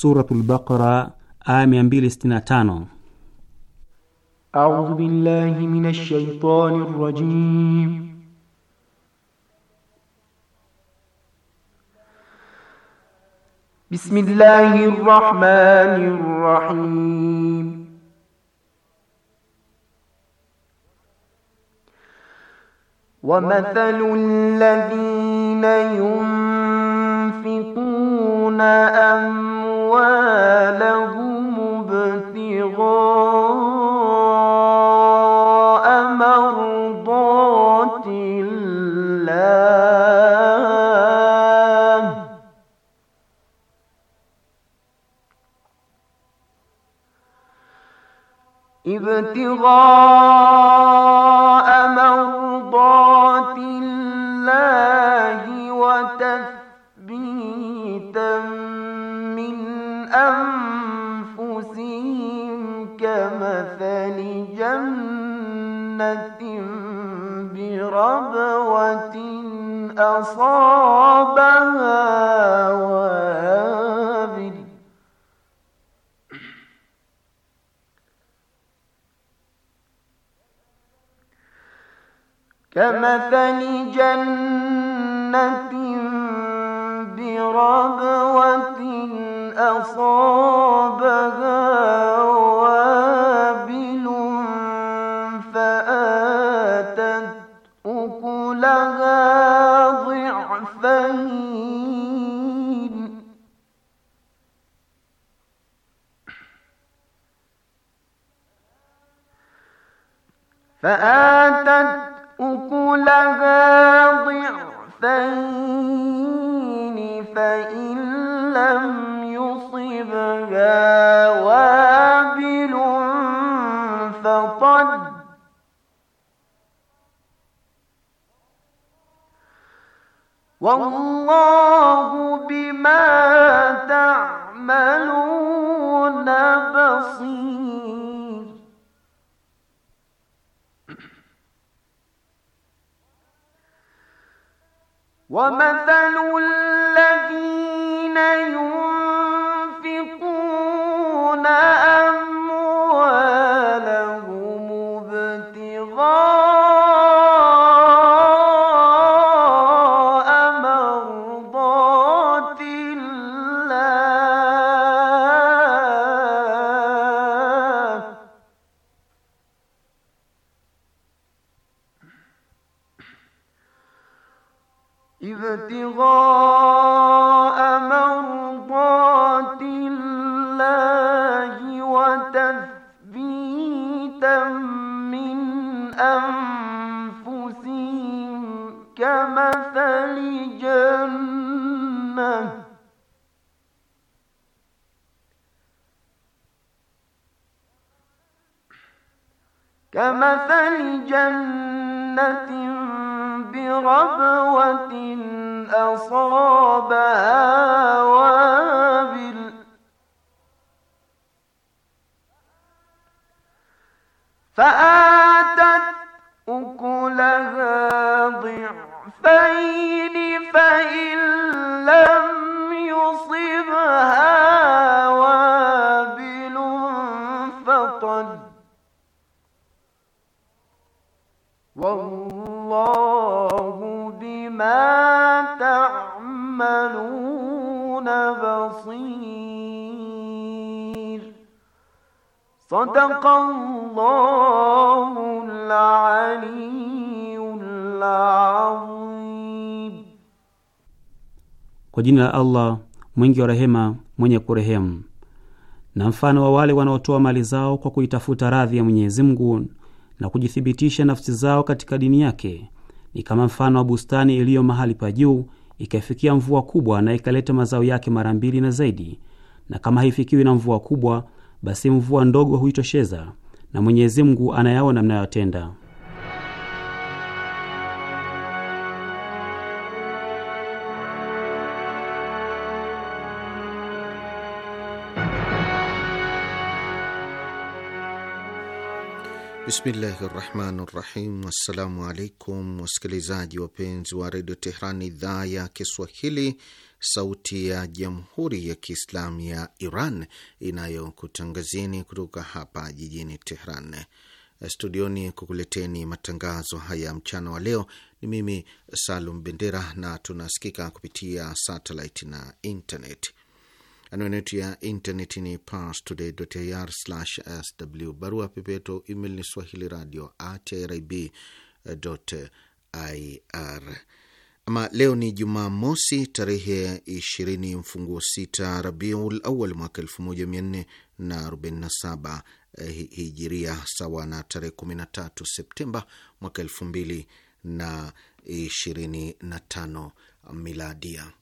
Suratul Baqara aya 265. A'udhu billahi minash shaitani rrajim. بسم الله الرحمن الرحيم ومثل الذين ينفقون أنفسهم ابتغاء مرضات الله ابتغاء مثل Kwa jina la Allah mwingi wa rehema, mwenye kurehemu. Na mfano wa wale wanaotoa mali zao kwa kuitafuta radhi ya Mwenyezi Mungu na kujithibitisha nafsi zao katika dini yake ni kama mfano wa bustani iliyo mahali pa juu, ikaifikia mvua kubwa na ikaleta mazao yake mara mbili na zaidi. Na kama haifikiwi na mvua kubwa, basi mvua ndogo huitosheza, na Mwenyezi Mungu anayaona mnayotenda. Bismillahi rahmani rahim. Assalamu alaikum wasikilizaji wapenzi wa redio Tehran, idhaa ya Kiswahili, sauti ya jamhuri ya Kiislamu ya Iran inayokutangazieni kutoka hapa jijini Tehran studioni kukuleteni matangazo haya mchana wa leo. Ni mimi Salum Bendera na tunasikika kupitia satelit na intaneti. Anwani yetu ya intaneti ni parstoday.ir/sw. Barua pepe yetu email ni swahili radio at irib.ir. Ama leo ni Jumamosi tarehe ishirini mfunguo sita Rabiul Awal mwaka elfu moja mia nne na arobaini na saba eh, hijiria sawa na tarehe kumi na tatu Septemba mwaka elfu mbili na ishirini na tano miladia.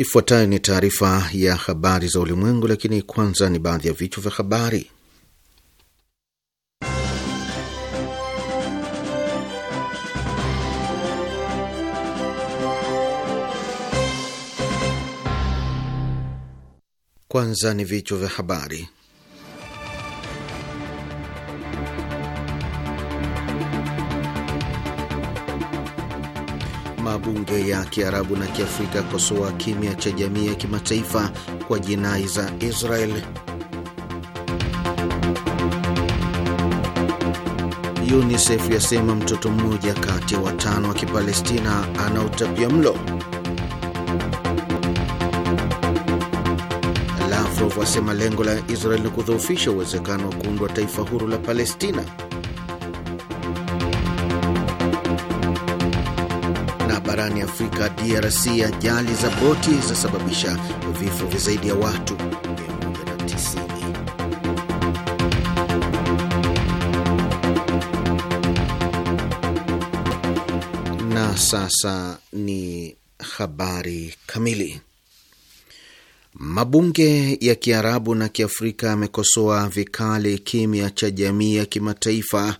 Ifuatayo ni taarifa ya habari za ulimwengu, lakini kwanza ni baadhi ya vichwa vya habari. Kwanza ni vichwa vya habari. bunge ya Kiarabu na Kiafrika kosoa kimya cha jamii ya kimataifa kwa jinai za Israel. UNICEF yasema mtoto mmoja kati ya watano wa Kipalestina ana utapia mlo. Lavrov asema lengo la Israel ni kudhoofisha uwezekano wa kuundwa taifa huru la Palestina. barani Afrika, DRC, ajali za boti zasababisha vifo vya zaidi ya watu 190. Na sasa ni habari kamili. Mabunge ya Kiarabu na Kiafrika yamekosoa vikali kimya cha jamii ya kimataifa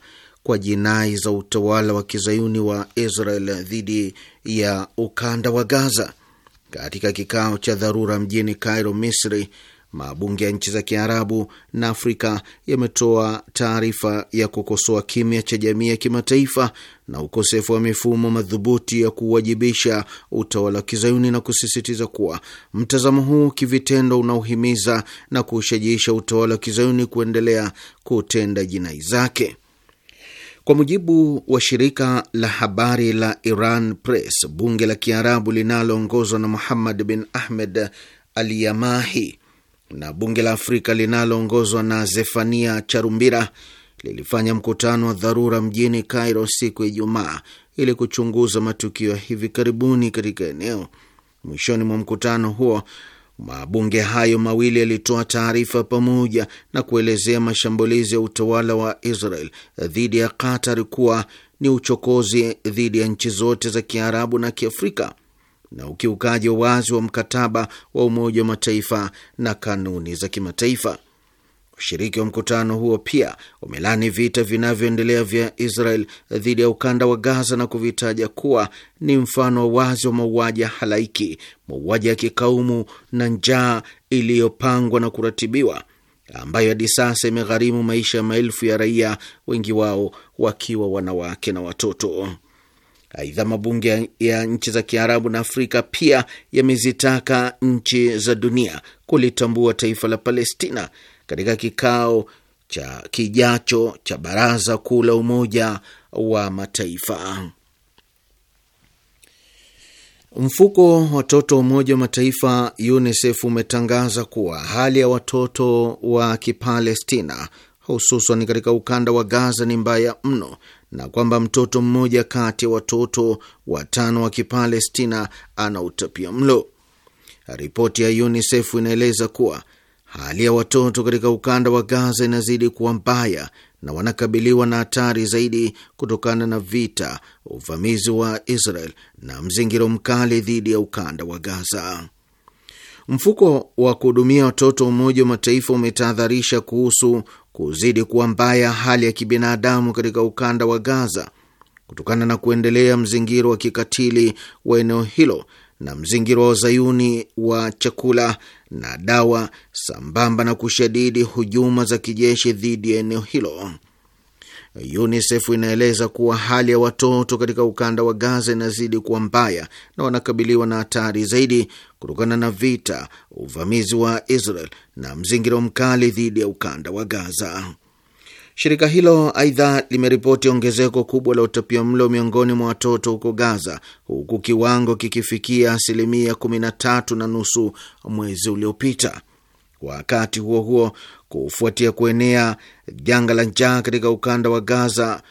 kwa jinai za utawala wa kizayuni wa Israel dhidi ya ukanda wa Gaza. Katika kikao cha dharura mjini Cairo, Misri, mabunge ya nchi za Kiarabu na Afrika yametoa taarifa ya kukosoa kimya cha jamii ya kimataifa na ukosefu wa mifumo madhubuti ya kuwajibisha utawala wa kizayuni na kusisitiza kuwa mtazamo huu kivitendo unaohimiza na kushajiisha utawala wa kizayuni kuendelea kutenda jinai zake. Kwa mujibu wa shirika la habari la Iran Press, bunge la Kiarabu linaloongozwa na Muhammad bin Ahmed Al Yamahi na bunge la Afrika linaloongozwa na Zefania Charumbira lilifanya mkutano wa dharura mjini Cairo siku ya Ijumaa ili kuchunguza matukio ya hivi karibuni katika eneo. Mwishoni mwa mkutano huo Mabunge hayo mawili yalitoa taarifa pamoja na kuelezea mashambulizi ya utawala wa Israel dhidi ya Qatar kuwa ni uchokozi dhidi ya nchi zote za Kiarabu na Kiafrika na ukiukaji wa wazi wa mkataba wa Umoja wa Mataifa na kanuni za kimataifa. Washiriki wa mkutano huo pia wamelani vita vinavyoendelea vya Israel dhidi ya ukanda wa Gaza na kuvitaja kuwa ni mfano wa wazi wa mauaji ya halaiki, mauaji ya kikaumu na njaa iliyopangwa na kuratibiwa ambayo hadi sasa imegharimu maisha ya maelfu ya raia, wengi wao wakiwa wanawake na watoto. Aidha, mabunge ya nchi za Kiarabu na Afrika pia yamezitaka nchi za dunia kulitambua taifa la Palestina katika kikao cha kijacho cha Baraza Kuu la Umoja wa Mataifa. Mfuko wa watoto wa Umoja wa Mataifa UNICEF umetangaza kuwa hali ya watoto wa Kipalestina hususan katika ukanda wa Gaza ni mbaya mno na kwamba mtoto mmoja kati ya watoto watano wa Kipalestina ana utapia mlo. Ripoti ya UNICEF inaeleza kuwa Hali ya watoto katika ukanda wa Gaza inazidi kuwa mbaya na wanakabiliwa na hatari zaidi kutokana na vita, uvamizi wa Israel na mzingiro mkali dhidi ya ukanda wa Gaza. Mfuko wa kuhudumia watoto wa Umoja wa Mataifa umetahadharisha kuhusu kuzidi kuwa mbaya hali ya kibinadamu katika ukanda wa Gaza kutokana na kuendelea mzingiro wa kikatili wa eneo hilo na mzingiro wa zayuni wa chakula na dawa sambamba na kushadidi hujuma za kijeshi dhidi ya eneo hilo. UNICEF inaeleza kuwa hali ya watoto katika ukanda wa Gaza inazidi kuwa mbaya na wanakabiliwa na hatari zaidi kutokana na vita, uvamizi wa Israel na mzingiro mkali dhidi ya ukanda wa Gaza. Shirika hilo aidha limeripoti ongezeko kubwa la utapia mlo miongoni mwa watoto huko Gaza, huku kiwango kikifikia asilimia 13 na nusu mwezi uliopita. Wakati huo huo, kufuatia kuenea janga la njaa katika ukanda wa Gaza,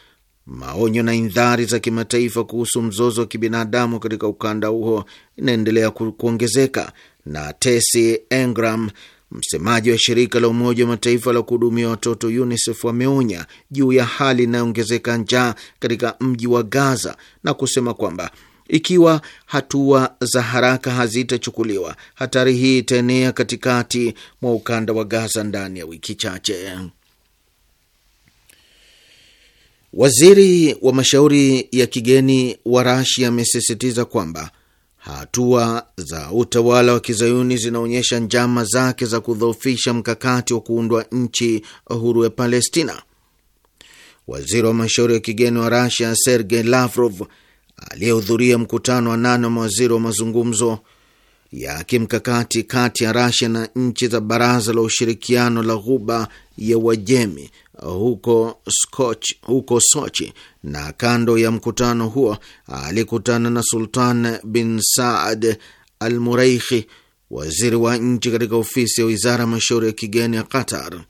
maonyo na indhari za kimataifa kuhusu mzozo wa kibinadamu katika ukanda huo inaendelea kuongezeka na Tesi Engram Msemaji wa shirika la Umoja wa Mataifa la kuhudumia watoto UNICEF wameonya juu ya hali inayoongezeka njaa katika mji wa Gaza na kusema kwamba ikiwa hatua za haraka hazitachukuliwa, hatari hii itaenea katikati mwa ukanda wa Gaza ndani ya wiki chache. Waziri wa mashauri ya kigeni wa Rasia amesisitiza kwamba Hatua za utawala wa kizayuni zinaonyesha njama zake za kudhoofisha mkakati wa kuundwa nchi huru ya Palestina. Waziri wa mashauri ya kigeni wa Rasia Sergei Lavrov aliyehudhuria mkutano wa nane wa mawaziri wa mazungumzo ya kimkakati kati ya Rasia na nchi za Baraza la Ushirikiano la Ghuba ya Uajemi huko Scotch, huko Sochi, na kando ya mkutano huo alikutana na Sultan bin Saad al Muraikhi, waziri wa nchi katika ofisi ya wizara ya mashauri ya kigeni ya Qatar.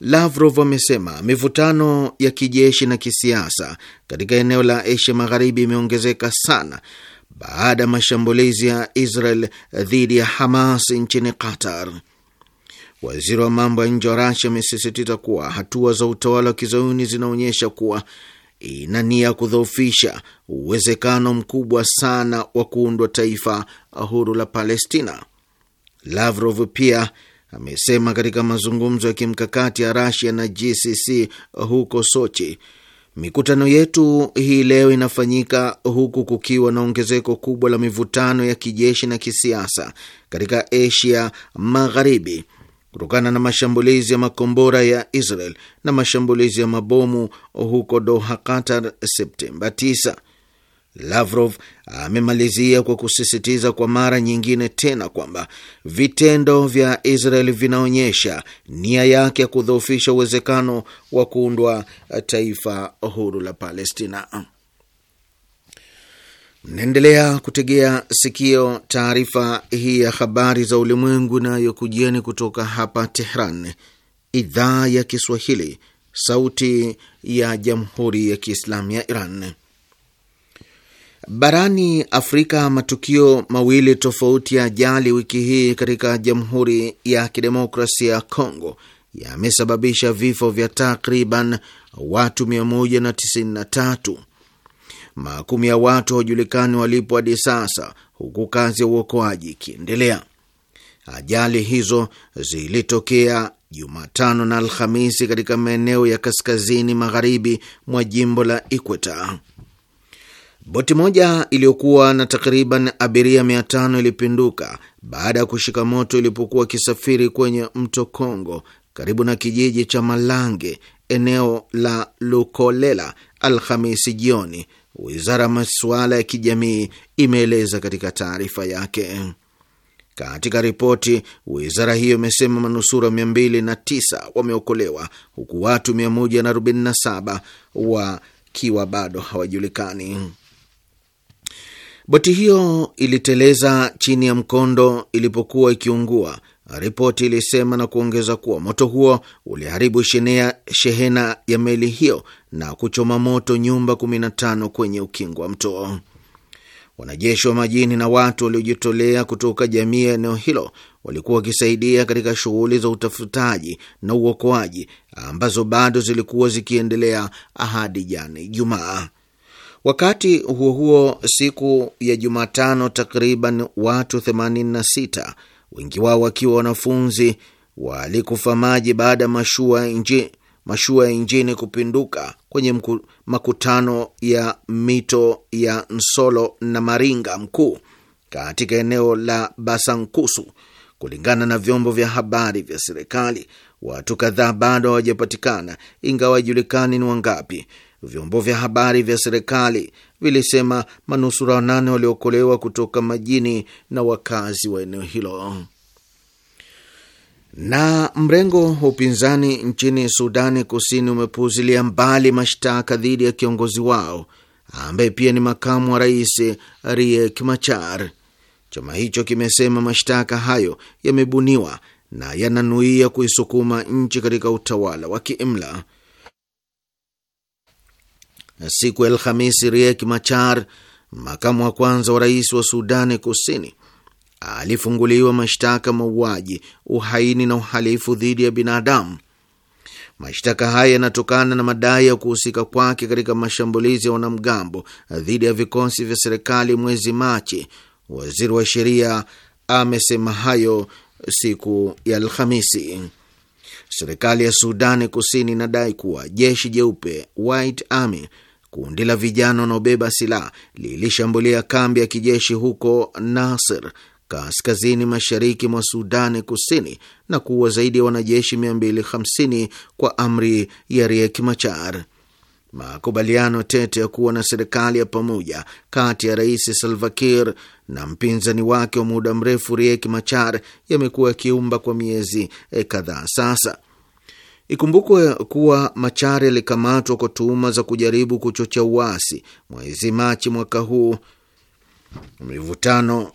Lavrov amesema mivutano ya kijeshi na kisiasa katika eneo la Asia Magharibi imeongezeka sana baada ya mashambulizi ya Israel dhidi ya Hamas nchini Qatar. Waziri wa mambo ya nje wa Rasia amesisitiza kuwa hatua za utawala wa kizayuni zinaonyesha kuwa ina nia kudhoofisha uwezekano mkubwa sana wa kuundwa taifa huru la Palestina. Lavrov pia amesema katika mazungumzo ya kimkakati ya Rasia na GCC huko Sochi, mikutano yetu hii leo inafanyika huku kukiwa na ongezeko kubwa la mivutano ya kijeshi na kisiasa katika Asia Magharibi kutokana na mashambulizi ya makombora ya Israel na mashambulizi ya mabomu huko Doha, Qatar, Septemba 9. Lavrov amemalizia kwa kusisitiza kwa mara nyingine tena kwamba vitendo vya Israel vinaonyesha nia yake ya kudhoofisha uwezekano wa kuundwa taifa huru la Palestina. Mnaendelea kutegea sikio taarifa hii ya habari za ulimwengu inayokujieni kutoka hapa Tehran, idhaa ya Kiswahili, sauti ya jamhuri ya kiislamu ya Iran. Barani Afrika, matukio mawili tofauti ya ajali wiki hii katika Jamhuri ya Kidemokrasia ya Kongo yamesababisha vifo vya takriban watu 193 Makumi ya watu hawajulikani walipo hadi sasa, huku kazi ya uokoaji ikiendelea. Ajali hizo zilitokea Jumatano na Alhamisi katika maeneo ya kaskazini magharibi mwa jimbo la Ikweta. Boti moja iliyokuwa na takriban abiria mia tano ilipinduka baada ya kushika moto ilipokuwa ikisafiri kwenye mto Kongo karibu na kijiji cha Malange eneo la Lukolela Alhamisi jioni wizara ya masuala ya kijamii imeeleza katika taarifa yake. Katika ripoti, wizara hiyo imesema manusura 209 wameokolewa huku watu 147 wakiwa bado hawajulikani. Boti hiyo iliteleza chini ya mkondo ilipokuwa ikiungua Ripoti ilisema na kuongeza kuwa moto huo uliharibu shenea, shehena ya meli hiyo na kuchoma moto nyumba 15 kwenye ukingo wa mto. Wanajeshi wa majini na watu waliojitolea kutoka jamii ya eneo hilo walikuwa wakisaidia katika shughuli za utafutaji na uokoaji ambazo bado zilikuwa zikiendelea hadi jana Ijumaa. Wakati huo huo, siku ya Jumatano, takriban watu 86 wengi wao wakiwa wanafunzi walikufa maji baada ya mashua ya injini kupinduka kwenye mku, makutano ya mito ya Nsolo na Maringa Mkuu katika eneo la Basankusu. Kulingana na vyombo vya habari vya serikali, watu kadhaa bado hawajapatikana, ingawa haijulikani ni wangapi. Vyombo vya habari vya serikali vilisema manusura wanane waliokolewa kutoka majini na wakazi wa eneo hilo. Na mrengo wa upinzani nchini Sudani Kusini umepuuzilia mbali mashtaka dhidi ya kiongozi wao ambaye pia ni makamu wa rais Riek Machar. Chama hicho kimesema mashtaka hayo yamebuniwa na yananuia kuisukuma nchi katika utawala wa kiimla siku ya Alhamisi, Riek Machar, makamu wa kwanza wa rais wa Sudani Kusini, alifunguliwa mashtaka mauaji, uhaini na uhalifu dhidi ya binadamu. Mashtaka haya yanatokana na madai ya kuhusika kwake katika mashambulizi ya wanamgambo dhidi ya vikosi vya serikali mwezi Machi. Waziri wa sheria amesema hayo siku ya Alhamisi. Serikali ya Sudani Kusini inadai kuwa jeshi jeupe White Army Kundi la vijana wanaobeba silaha lilishambulia kambi ya kijeshi huko Nasir, kaskazini mashariki mwa Sudani Kusini, na kuua zaidi ya wanajeshi 250 kwa amri ya Riek Machar. Makubaliano tete ya kuwa na serikali ya pamoja kati ya Rais Salva Kiir na mpinzani wake wa muda mrefu Riek Machar yamekuwa yakiumba kwa miezi eh, kadhaa sasa. Ikumbukwe kuwa Machar alikamatwa kwa tuhuma za kujaribu kuchochea uasi mwezi Machi mwaka huu. Mivutano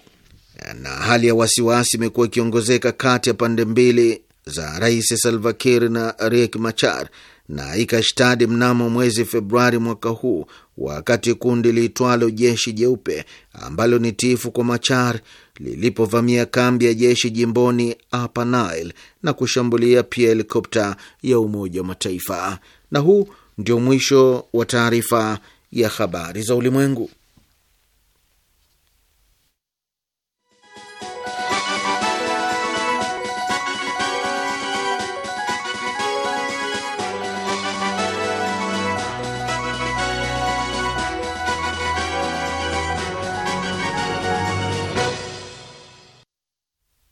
na hali ya wasiwasi imekuwa ikiongezeka kati ya pande mbili za Rais Salva Kiir na Riek Machar na ikashtadi mnamo mwezi Februari mwaka huu, wakati kundi liitwalo Jeshi Jeupe ambalo ni tifu kwa Machar lilipovamia kambi ya jeshi jimboni Upper Nile na kushambulia pia helikopta ya Umoja wa Mataifa. Na huu ndio mwisho wa taarifa ya habari za ulimwengu.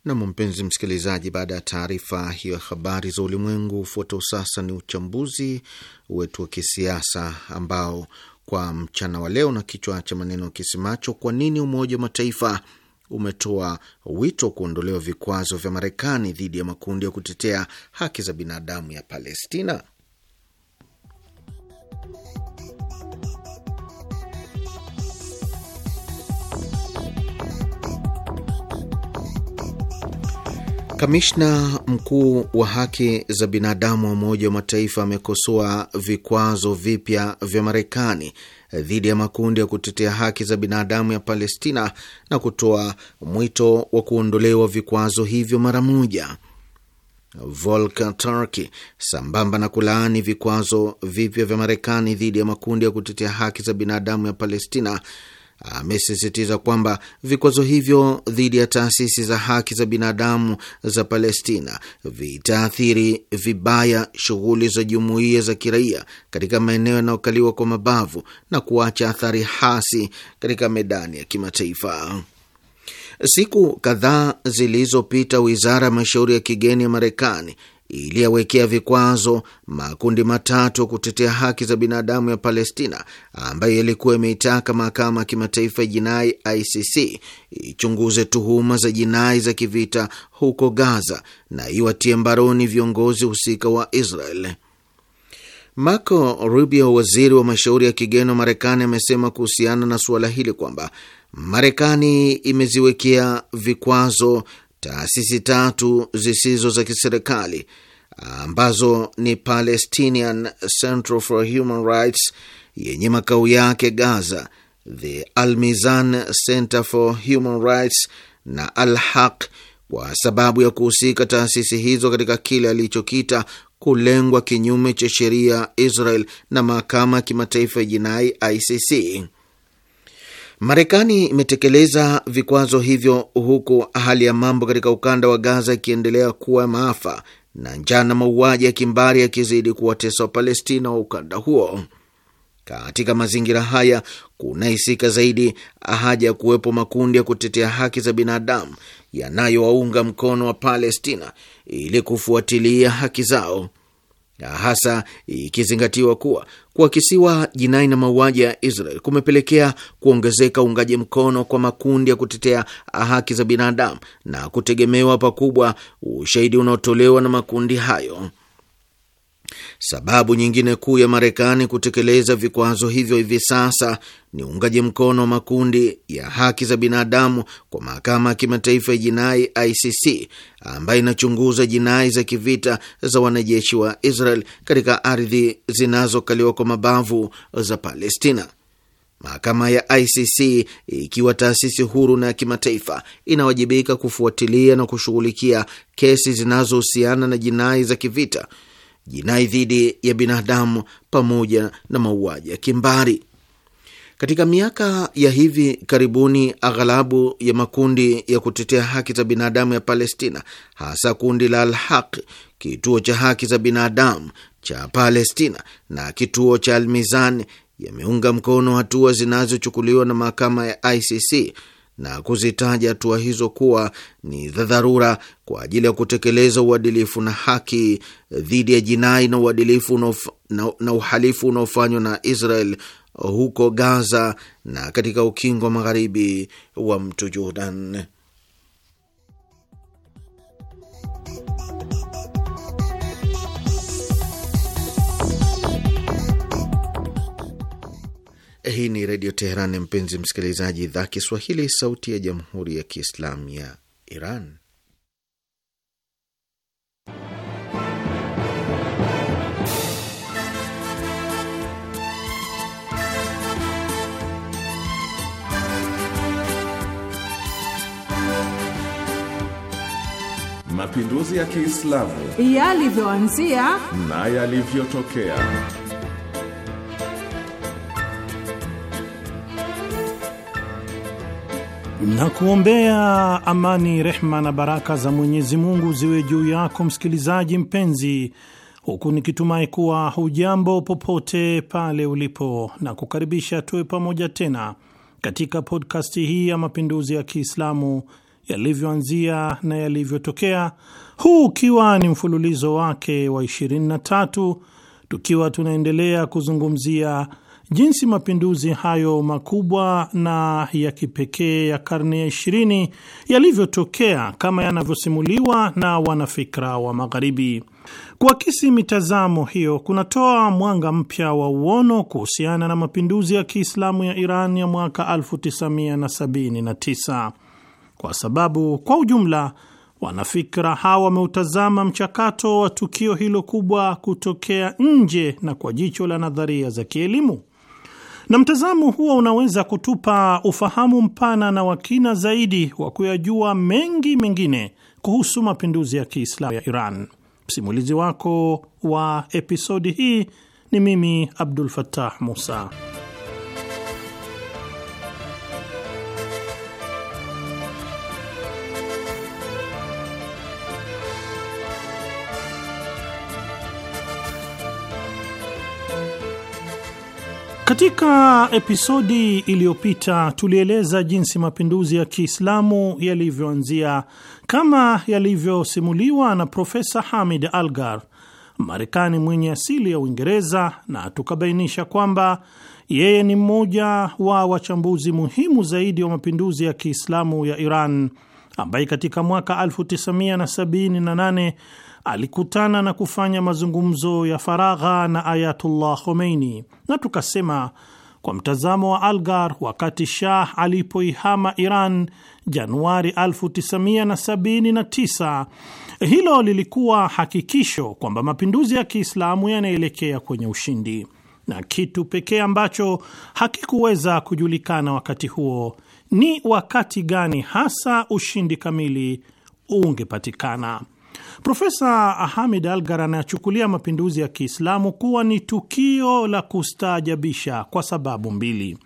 Nam, mpenzi msikilizaji, baada ya taarifa hiyo ya habari za ulimwengu, hufuatao sasa ni uchambuzi wetu wa kisiasa ambao kwa mchana wa leo na kichwa cha maneno kisemacho kwa nini Umoja wa Mataifa umetoa wito wa kuondolewa vikwazo vya Marekani dhidi ya makundi ya kutetea haki za binadamu ya Palestina. Kamishna mkuu wa haki za binadamu wa Umoja wa Mataifa amekosoa vikwazo vipya vya Marekani dhidi ya makundi ya kutetea haki za binadamu ya Palestina na kutoa mwito wa kuondolewa vikwazo hivyo mara moja. Volker Turk sambamba na kulaani vikwazo vipya vya Marekani dhidi ya makundi ya kutetea haki za binadamu ya Palestina amesisitiza kwamba vikwazo hivyo dhidi ya taasisi za haki za binadamu za Palestina vitaathiri vibaya shughuli za jumuiya za kiraia katika maeneo yanayokaliwa kwa mabavu na kuacha athari hasi katika medani ya kimataifa. Siku kadhaa zilizopita, wizara ya mashauri ya kigeni ya Marekani iliyawekea vikwazo makundi matatu kutetea haki za binadamu ya Palestina ambayo ilikuwa imeitaka mahakama ya kimataifa ya jinai ICC ichunguze tuhuma za jinai za kivita huko Gaza na iwatie mbaroni viongozi husika wa Israel. Marco Rubio, waziri wa mashauri ya kigeni wa Marekani, amesema kuhusiana na suala hili kwamba Marekani imeziwekea vikwazo Taasisi tatu zisizo za kiserikali ambazo ni Palestinian Central for Human Rights yenye makao yake Gaza, The Almizan Center for Human Rights na Al Haq kwa sababu ya kuhusika taasisi hizo katika kile alichokita kulengwa kinyume cha sheria Israel na mahakama ya kimataifa ya jinai ICC. Marekani imetekeleza vikwazo hivyo huku hali ya mambo katika ukanda wa Gaza ikiendelea kuwa maafa na njaa na mauaji ya kimbari yakizidi kuwatesa Wapalestina wa ukanda huo. Katika mazingira haya kunahisika zaidi haja ya kuwepo makundi ya kutetea haki za binadamu yanayowaunga mkono wa Palestina ili kufuatilia haki zao hasa ikizingatiwa kuwa kuakisiwa jinai na mauaji ya Israel kumepelekea kuongezeka uungaji mkono kwa makundi ya kutetea haki za binadamu na kutegemewa pakubwa ushahidi unaotolewa na makundi hayo. Sababu nyingine kuu ya Marekani kutekeleza vikwazo hivyo hivi sasa ni uungaji mkono wa makundi ya haki za binadamu kwa mahakama ya kimataifa ya jinai ICC ambayo inachunguza jinai za kivita za wanajeshi wa Israel katika ardhi zinazokaliwa kwa mabavu za Palestina. Mahakama ya ICC ikiwa taasisi huru na ya kimataifa inawajibika kufuatilia na kushughulikia kesi zinazohusiana na jinai za kivita jinai dhidi ya binadamu pamoja na mauaji ya kimbari. Katika miaka ya hivi karibuni, aghalabu ya makundi ya kutetea haki za binadamu ya Palestina, hasa kundi la Al-Haq, kituo cha haki za binadamu cha Palestina na kituo cha Almizan yameunga mkono hatua zinazochukuliwa na mahakama ya ICC na kuzitaja hatua hizo kuwa ni za dharura kwa ajili ya kutekeleza uadilifu na haki dhidi ya jinai na uadilifu na, na uhalifu unaofanywa na Israel huko Gaza na katika ukingo magharibi wa mto Jordan. Hii ni Redio Teheran, mpenzi msikilizaji, idhaa Kiswahili, sauti ya Jamhuri ya Kiislamu ya Iran. Mapinduzi ya Kiislamu yalivyoanzia na yalivyotokea na kuombea amani, rehma na baraka za Mwenyezi Mungu ziwe juu yako msikilizaji mpenzi, huku nikitumai kuwa hujambo popote pale ulipo, na kukaribisha tuwe pamoja tena katika podkasti hii ya mapinduzi ya Kiislamu yalivyoanzia na yalivyotokea, huu ukiwa ni mfululizo wake wa 23 tukiwa tunaendelea kuzungumzia Jinsi mapinduzi hayo makubwa na ya kipekee ya karne ya ishirini yalivyotokea kama yanavyosimuliwa na wanafikra wa Magharibi. Kuakisi mitazamo hiyo kunatoa mwanga mpya wa uono kuhusiana na mapinduzi ya Kiislamu ya Iran ya mwaka 1979 kwa sababu kwa ujumla wanafikra hawa wameutazama mchakato wa tukio hilo kubwa kutokea nje na kwa jicho la nadharia za kielimu na mtazamo huo unaweza kutupa ufahamu mpana na wakina zaidi wa kuyajua mengi mengine kuhusu mapinduzi ya Kiislamu ya Iran. Msimulizi wako wa episodi hii ni mimi Abdul Fattah Musa. Katika episodi iliyopita tulieleza jinsi mapinduzi ya Kiislamu yalivyoanzia kama yalivyosimuliwa na Profesa Hamid Algar, Marekani mwenye asili ya Uingereza, na tukabainisha kwamba yeye ni mmoja wa wachambuzi muhimu zaidi wa mapinduzi ya Kiislamu ya Iran ambaye katika mwaka 1978 alikutana na kufanya mazungumzo ya faragha na Ayatullah Khomeini, na tukasema kwa mtazamo wa Algar, wakati Shah alipoihama Iran Januari 1979 hilo lilikuwa hakikisho kwamba mapinduzi ya Kiislamu yanaelekea kwenye ushindi, na kitu pekee ambacho hakikuweza kujulikana wakati huo ni wakati gani hasa ushindi kamili ungepatikana. Profesa Hamid Algar anachukulia mapinduzi ya Kiislamu kuwa ni tukio la kustaajabisha kwa sababu mbili.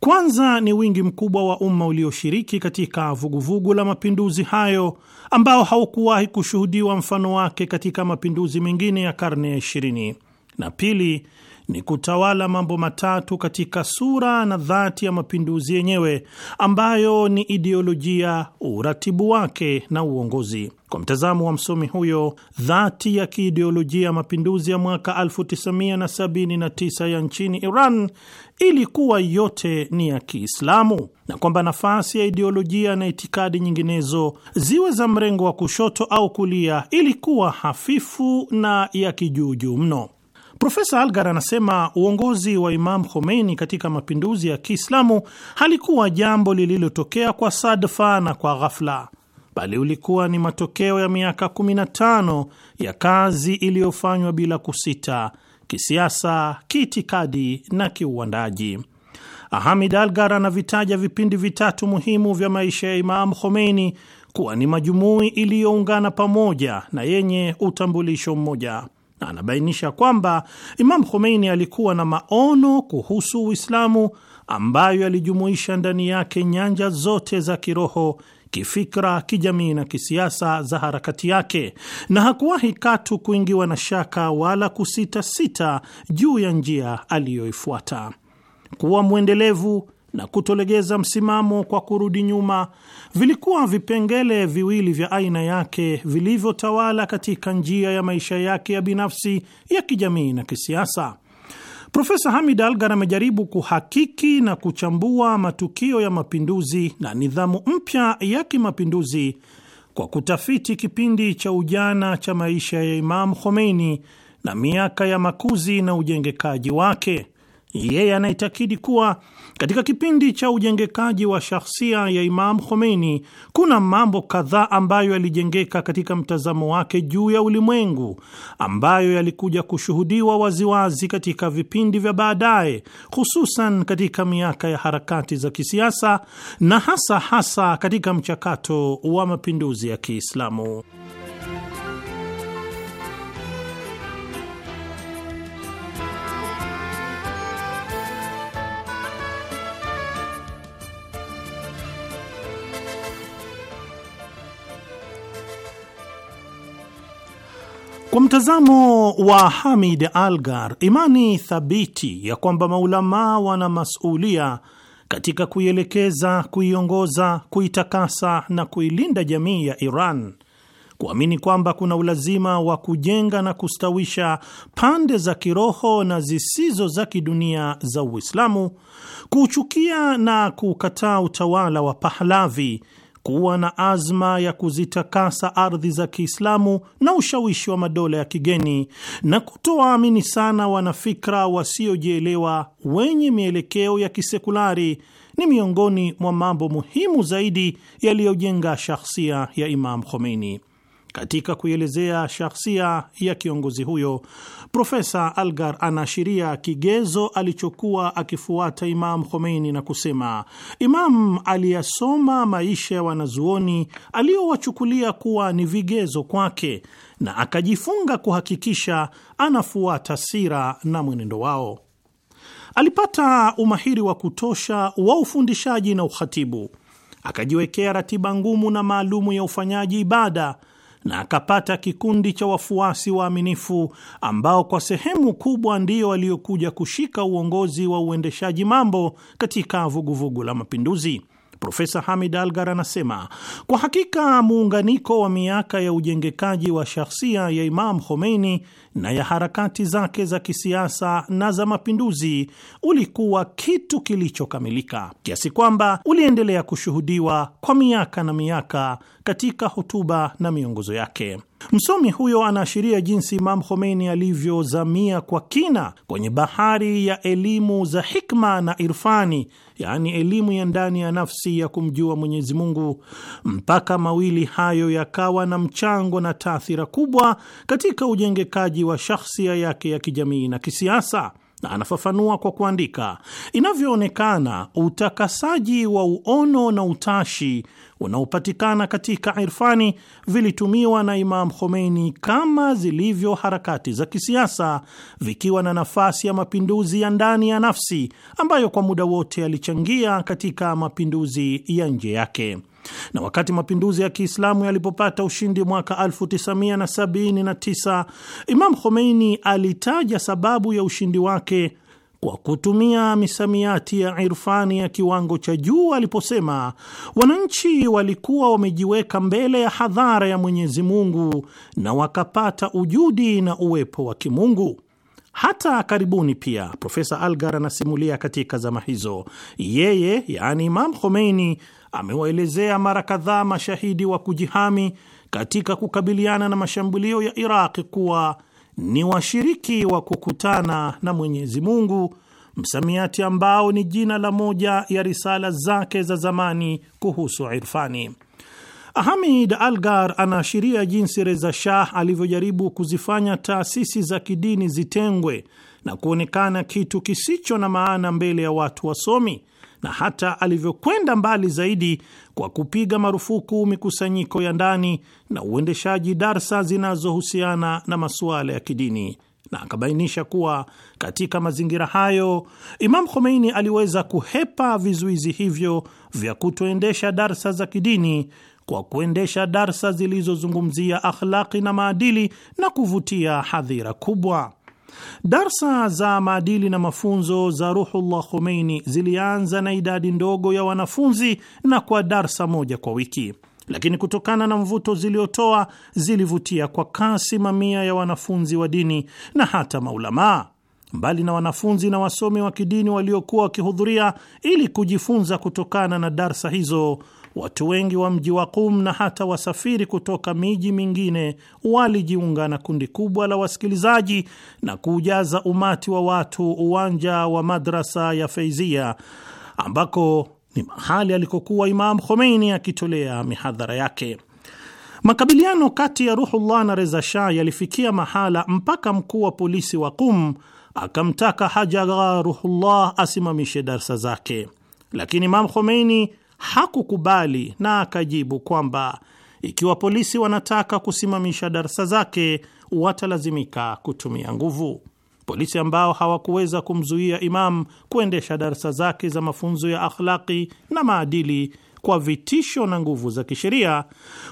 Kwanza ni wingi mkubwa wa umma ulioshiriki katika vuguvugu la mapinduzi hayo ambao haukuwahi kushuhudiwa mfano wake katika mapinduzi mengine ya karne ya ishirini, na pili ni kutawala mambo matatu katika sura na dhati ya mapinduzi yenyewe ambayo ni ideolojia, uratibu wake na uongozi. Kwa mtazamo wa msomi huyo, dhati ya kiideolojia mapinduzi ya mwaka 1979 ya nchini Iran ilikuwa yote ni ya Kiislamu na kwamba nafasi ya ideolojia na itikadi nyinginezo ziwe za mrengo wa kushoto au kulia ilikuwa hafifu na ya kijuujuu mno. Profesa Algar anasema uongozi wa Imam Khomeini katika mapinduzi ya Kiislamu halikuwa jambo lililotokea kwa sadfa na kwa ghafla bali ulikuwa ni matokeo ya miaka 15 ya kazi iliyofanywa bila kusita kisiasa, kiitikadi na kiuandaji. ahamid Algar anavitaja vipindi vitatu muhimu vya maisha ya Imamu Khomeini kuwa ni majumui iliyoungana pamoja na yenye utambulisho mmoja, na anabainisha kwamba Imamu Khomeini alikuwa na maono kuhusu Uislamu ambayo yalijumuisha ndani yake nyanja zote za kiroho kifikra, kijamii na kisiasa za harakati yake, na hakuwahi katu kuingiwa na shaka wala kusitasita juu ya njia aliyoifuata kuwa mwendelevu na kutolegeza msimamo kwa kurudi nyuma vilikuwa vipengele viwili vya aina yake vilivyotawala katika njia ya maisha yake ya binafsi ya kijamii na kisiasa. Profesa Hamid Algar amejaribu kuhakiki na kuchambua matukio ya mapinduzi na nidhamu mpya ya kimapinduzi kwa kutafiti kipindi cha ujana cha maisha ya Imam Khomeini na miaka ya makuzi na ujengekaji wake. Yeye anaitakidi kuwa katika kipindi cha ujengekaji wa shahsia ya Imam Khomeini kuna mambo kadhaa ambayo yalijengeka katika mtazamo wake juu ya ulimwengu ambayo yalikuja kushuhudiwa waziwazi katika vipindi vya baadaye, hususan katika miaka ya harakati za kisiasa na hasa hasa katika mchakato wa mapinduzi ya Kiislamu. Kwa mtazamo wa Hamid Algar, imani thabiti ya kwamba maulamaa wana masulia katika kuielekeza, kuiongoza, kuitakasa na kuilinda jamii ya Iran, kuamini kwamba kuna ulazima wa kujenga na kustawisha pande za kiroho na zisizo za kidunia za Uislamu, kuuchukia na kukataa utawala wa Pahlavi kuwa na azma ya kuzitakasa ardhi za Kiislamu na ushawishi wa madola ya kigeni na kutowaamini sana wanafikra wasiojielewa wenye mielekeo ya kisekulari ni miongoni mwa mambo muhimu zaidi yaliyojenga shahsia ya Imam Khomeini. Katika kuielezea shahsia ya kiongozi huyo Profesa Algar anaashiria kigezo alichokuwa akifuata Imam Khomeini na kusema Imam aliyasoma maisha ya wanazuoni aliyowachukulia kuwa ni vigezo kwake na akajifunga kuhakikisha anafuata sira na mwenendo wao. Alipata umahiri wa kutosha wa ufundishaji na ukhatibu, akajiwekea ratiba ngumu na maalumu ya ufanyaji ibada na akapata kikundi cha wafuasi waaminifu ambao kwa sehemu kubwa ndiyo waliokuja kushika uongozi wa uendeshaji mambo katika vuguvugu la mapinduzi. Profesa Hamid Algar anasema kwa hakika muunganiko wa miaka ya ujengekaji wa shahsia ya Imam Khomeini na ya harakati zake za kisiasa na za mapinduzi ulikuwa kitu kilichokamilika kiasi kwamba uliendelea kushuhudiwa kwa miaka na miaka katika hotuba na miongozo yake. Msomi huyo anaashiria jinsi Imam Khomeini alivyozamia kwa kina kwenye bahari ya elimu za hikma na irfani, yaani elimu ya ndani ya nafsi ya kumjua Mwenyezi Mungu, mpaka mawili hayo yakawa na mchango na taathira kubwa katika ujengekaji wa shahsia yake ya kijamii na kisiasa. Na anafafanua kwa kuandika, inavyoonekana utakasaji wa uono na utashi unaopatikana katika irfani vilitumiwa na Imam Khomeini kama zilivyo harakati za kisiasa, vikiwa na nafasi ya mapinduzi ya ndani ya nafsi ambayo kwa muda wote alichangia katika mapinduzi ya nje yake na wakati mapinduzi ya Kiislamu yalipopata ushindi mwaka 1979 Imam Khomeini alitaja sababu ya ushindi wake kwa kutumia misamiati ya irfani ya kiwango cha juu aliposema, wananchi walikuwa wamejiweka mbele ya hadhara ya Mwenyezi Mungu na wakapata ujudi na uwepo wa kimungu. Hata karibuni pia Profesa Algar anasimulia katika zama hizo, yeye yaani Imam Khomeini amewaelezea mara kadhaa mashahidi wa kujihami katika kukabiliana na mashambulio ya Iraqi kuwa ni washiriki wa kukutana na Mwenyezi Mungu, msamiati ambao ni jina la moja ya risala zake za zamani kuhusu irfani. Hamid Algar anaashiria jinsi Reza Shah alivyojaribu kuzifanya taasisi za kidini zitengwe na kuonekana kitu kisicho na maana mbele ya watu wasomi na hata alivyokwenda mbali zaidi kwa kupiga marufuku mikusanyiko ya ndani na uendeshaji darsa zinazohusiana na masuala ya kidini, na akabainisha kuwa katika mazingira hayo Imam Khomeini aliweza kuhepa vizuizi hivyo vya kutoendesha darsa za kidini kwa kuendesha darsa zilizozungumzia akhlaki na maadili na kuvutia hadhira kubwa. Darsa za maadili na mafunzo za Ruhullah Khomeini zilianza na idadi ndogo ya wanafunzi na kwa darsa moja kwa wiki, lakini kutokana na mvuto ziliotoa zilivutia kwa kasi mamia ya wanafunzi wa dini na hata maulamaa. Mbali na wanafunzi na wasomi wa kidini waliokuwa wakihudhuria ili kujifunza kutokana na darsa hizo, watu wengi wa mji wa Qum na hata wasafiri kutoka miji mingine walijiunga na kundi kubwa la wasikilizaji na kuujaza umati wa watu uwanja wa madrasa ya Feizia ambako ni mahali alikokuwa Imam Khomeini akitolea mihadhara yake. Makabiliano kati ya Ruhullah na Reza Shah yalifikia mahala mpaka mkuu wa polisi wa Qum akamtaka Haja Ruhullah asimamishe darsa zake, lakini Imam Khomeini hakukubali na akajibu kwamba ikiwa polisi wanataka kusimamisha darsa zake watalazimika kutumia nguvu. Polisi ambao hawakuweza kumzuia Imam kuendesha darsa zake za mafunzo ya akhlaki na maadili kwa vitisho na nguvu za kisheria,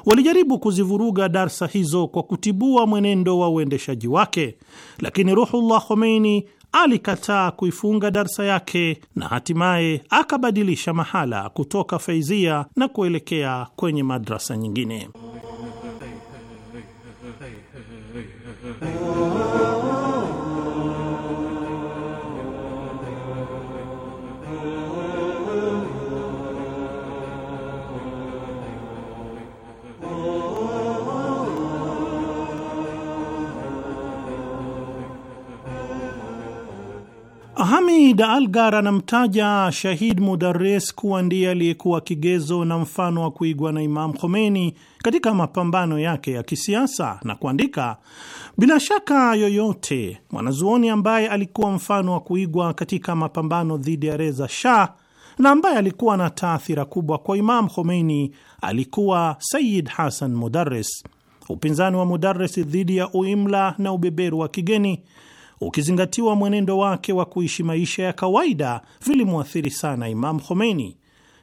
walijaribu kuzivuruga darsa hizo kwa kutibua mwenendo wa uendeshaji wake, lakini Ruhullah Khomeini alikataa kuifunga darsa yake na hatimaye akabadilisha mahala kutoka Faizia na kuelekea kwenye madrasa nyingine. Aidha, Algar anamtaja Shahid Mudares kuwa ndiye aliyekuwa kigezo na mfano wa kuigwa na Imam Khomeini katika mapambano yake ya kisiasa na kuandika, bila shaka yoyote mwanazuoni ambaye alikuwa mfano wa kuigwa katika mapambano dhidi ya Reza Shah na ambaye alikuwa na taathira kubwa kwa Imam Khomeini alikuwa Sayid Hasan Mudares. Upinzani wa Mudares dhidi ya uimla na ubeberu wa kigeni ukizingatiwa mwenendo wake wa kuishi maisha ya kawaida vilimwathiri sana Imam Khomeini.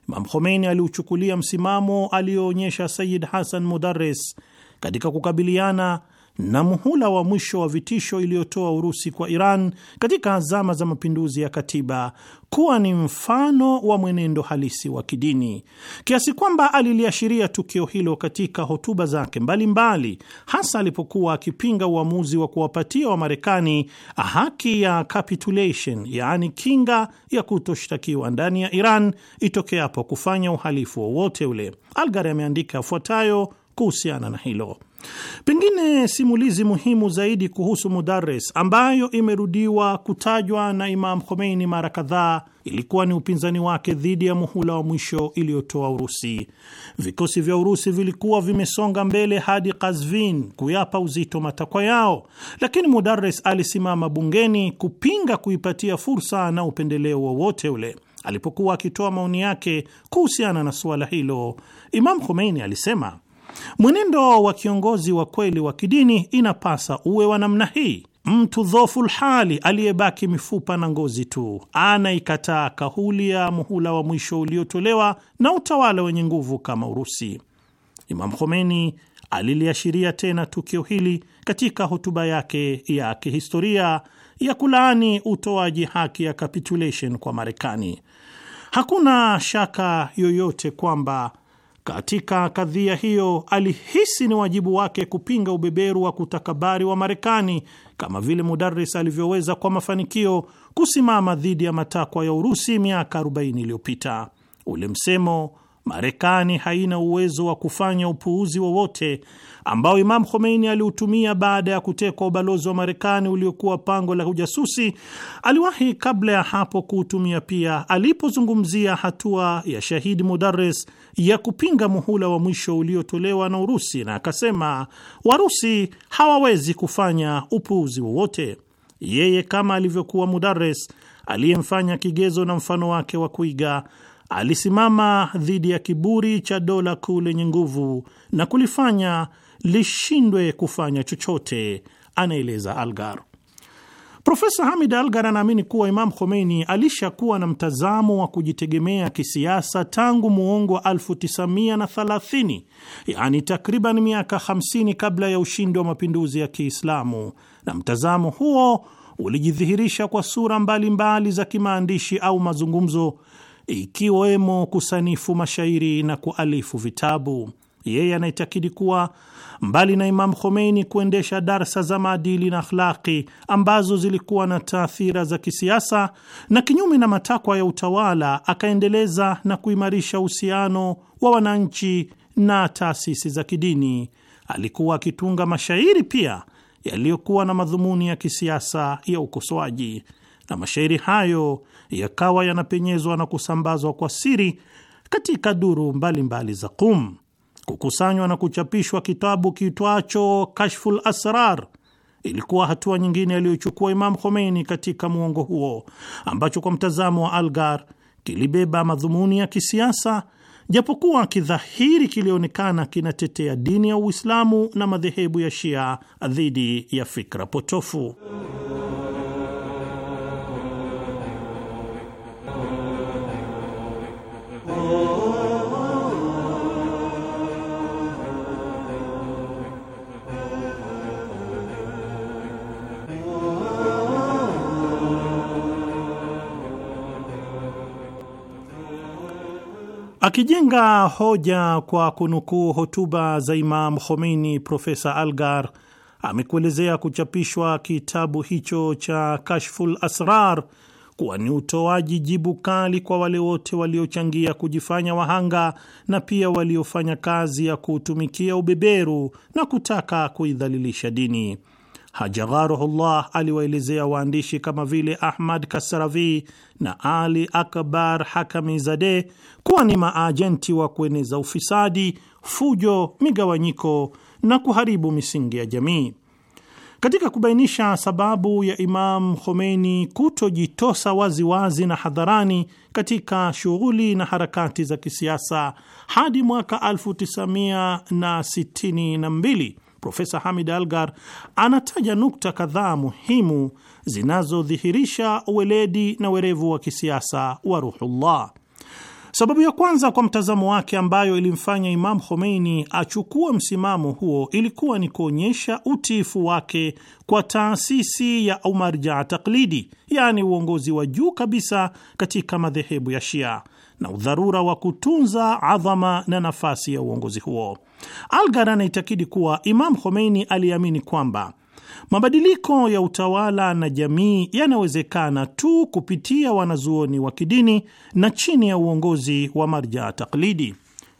Imam Khomeini aliuchukulia msimamo aliyoonyesha Sayid Hasan Mudares katika kukabiliana na muhula wa mwisho wa vitisho iliyotoa Urusi kwa Iran katika azama za mapinduzi ya katiba kuwa ni mfano wa mwenendo halisi wa kidini, kiasi kwamba aliliashiria tukio hilo katika hotuba zake mbalimbali mbali, hasa alipokuwa akipinga uamuzi wa kuwapatia Wamarekani haki ya capitulation, yaani kinga ya kutoshtakiwa ndani ya Iran itokeapo kufanya uhalifu wowote ule. Algari ameandika yafuatayo kuhusiana na hilo. Pengine simulizi muhimu zaidi kuhusu Mudares ambayo imerudiwa kutajwa na Imam Khomeini mara kadhaa ilikuwa ni upinzani wake dhidi ya muhula wa mwisho iliyotoa Urusi. Vikosi vya Urusi vilikuwa vimesonga mbele hadi Kazvin kuyapa uzito matakwa yao, lakini Mudares alisimama bungeni kupinga kuipatia fursa na upendeleo wowote ule. Alipokuwa akitoa maoni yake kuhusiana na suala hilo, Imam Khomeini alisema Mwenendo wa kiongozi wa kweli wa kidini inapasa uwe wa namna hii. Mtu dhofu lhali aliyebaki mifupa na ngozi tu anaikataa kahuli ya muhula wa mwisho uliotolewa na utawala wenye nguvu kama Urusi. Imam Khomeini aliliashiria tena tukio hili katika hotuba yake ya kihistoria ya kulaani utoaji haki ya capitulation kwa Marekani. Hakuna shaka yoyote kwamba katika kadhia hiyo, alihisi ni wajibu wake kupinga ubeberu wa kutakabari wa Marekani kama vile Mudaris alivyoweza kwa mafanikio kusimama dhidi ya matakwa ya Urusi miaka 40 iliyopita. Ule msemo Marekani haina uwezo wa kufanya upuuzi wowote ambao Imam Khomeini aliutumia baada ya kutekwa ubalozi wa Marekani uliokuwa pango la ujasusi. Aliwahi kabla ya hapo kuutumia pia alipozungumzia hatua ya Shahidi Mudares ya kupinga muhula wa mwisho uliotolewa na Urusi, na akasema Warusi hawawezi kufanya upuuzi wowote. Yeye kama alivyokuwa Mudares aliyemfanya kigezo na mfano wake wa kuiga alisimama dhidi ya kiburi cha dola kuu lenye nguvu na kulifanya lishindwe kufanya chochote, anaeleza Algar. Profesa Hamid Algar anaamini kuwa Imam Khomeini alishakuwa na mtazamo wa kujitegemea kisiasa tangu muongo wa 1930 yaani takriban miaka 50 kabla ya ushindi wa mapinduzi ya Kiislamu, na mtazamo huo ulijidhihirisha kwa sura mbalimbali mbali za kimaandishi au mazungumzo ikiwemo kusanifu mashairi na kualifu vitabu. Yeye anaitakidi kuwa mbali na Imam Khomeini kuendesha darsa za maadili na akhlaqi ambazo zilikuwa na taathira za kisiasa na kinyume na matakwa ya utawala, akaendeleza na kuimarisha uhusiano wa wananchi na taasisi za kidini. Alikuwa akitunga mashairi pia yaliyokuwa na madhumuni ya kisiasa ya ukosoaji, na mashairi hayo yakawa yanapenyezwa na kusambazwa kwa siri katika duru mbalimbali mbali za Qum, kukusanywa na kuchapishwa kitabu kiitwacho Kashful Asrar ilikuwa hatua nyingine aliyochukua Imam Khomeini katika muongo huo, ambacho kwa mtazamo wa Algar kilibeba madhumuni ya kisiasa, japokuwa kidhahiri kilionekana kinatetea dini ya Uislamu na madhehebu ya Shia dhidi ya fikra potofu. Akijenga hoja kwa kunukuu hotuba za Imam Khomeini, Profesa Algar amekuelezea kuchapishwa kitabu hicho cha Kashful Asrar kuwa ni utoaji jibu kali kwa wale wote waliochangia kujifanya wahanga na pia waliofanya kazi ya kuutumikia ubeberu na kutaka kuidhalilisha dini. Haja Gharuhullah aliwaelezea waandishi kama vile Ahmad Kasaravi na Ali Akbar hakami zade kuwa ni maajenti wa kueneza ufisadi, fujo, migawanyiko na kuharibu misingi ya jamii. Katika kubainisha sababu ya Imam Khomeini kutojitosa waziwazi na hadharani katika shughuli na harakati za kisiasa hadi mwaka 1962 Profesa Hamid Algar anataja nukta kadhaa muhimu zinazodhihirisha uweledi na werevu wa kisiasa wa Ruhullah. Sababu ya kwanza kwa mtazamo wake ambayo ilimfanya Imam Khomeini achukue msimamo huo ilikuwa ni kuonyesha utiifu wake kwa taasisi ya umarjaa taklidi, yaani uongozi wa juu kabisa katika madhehebu ya Shia na udharura wa kutunza adhama na nafasi ya uongozi huo. Algar anaitakidi kuwa Imam Khomeini aliamini kwamba mabadiliko ya utawala na jamii yanawezekana tu kupitia wanazuoni wa kidini na chini ya uongozi wa marja taklidi,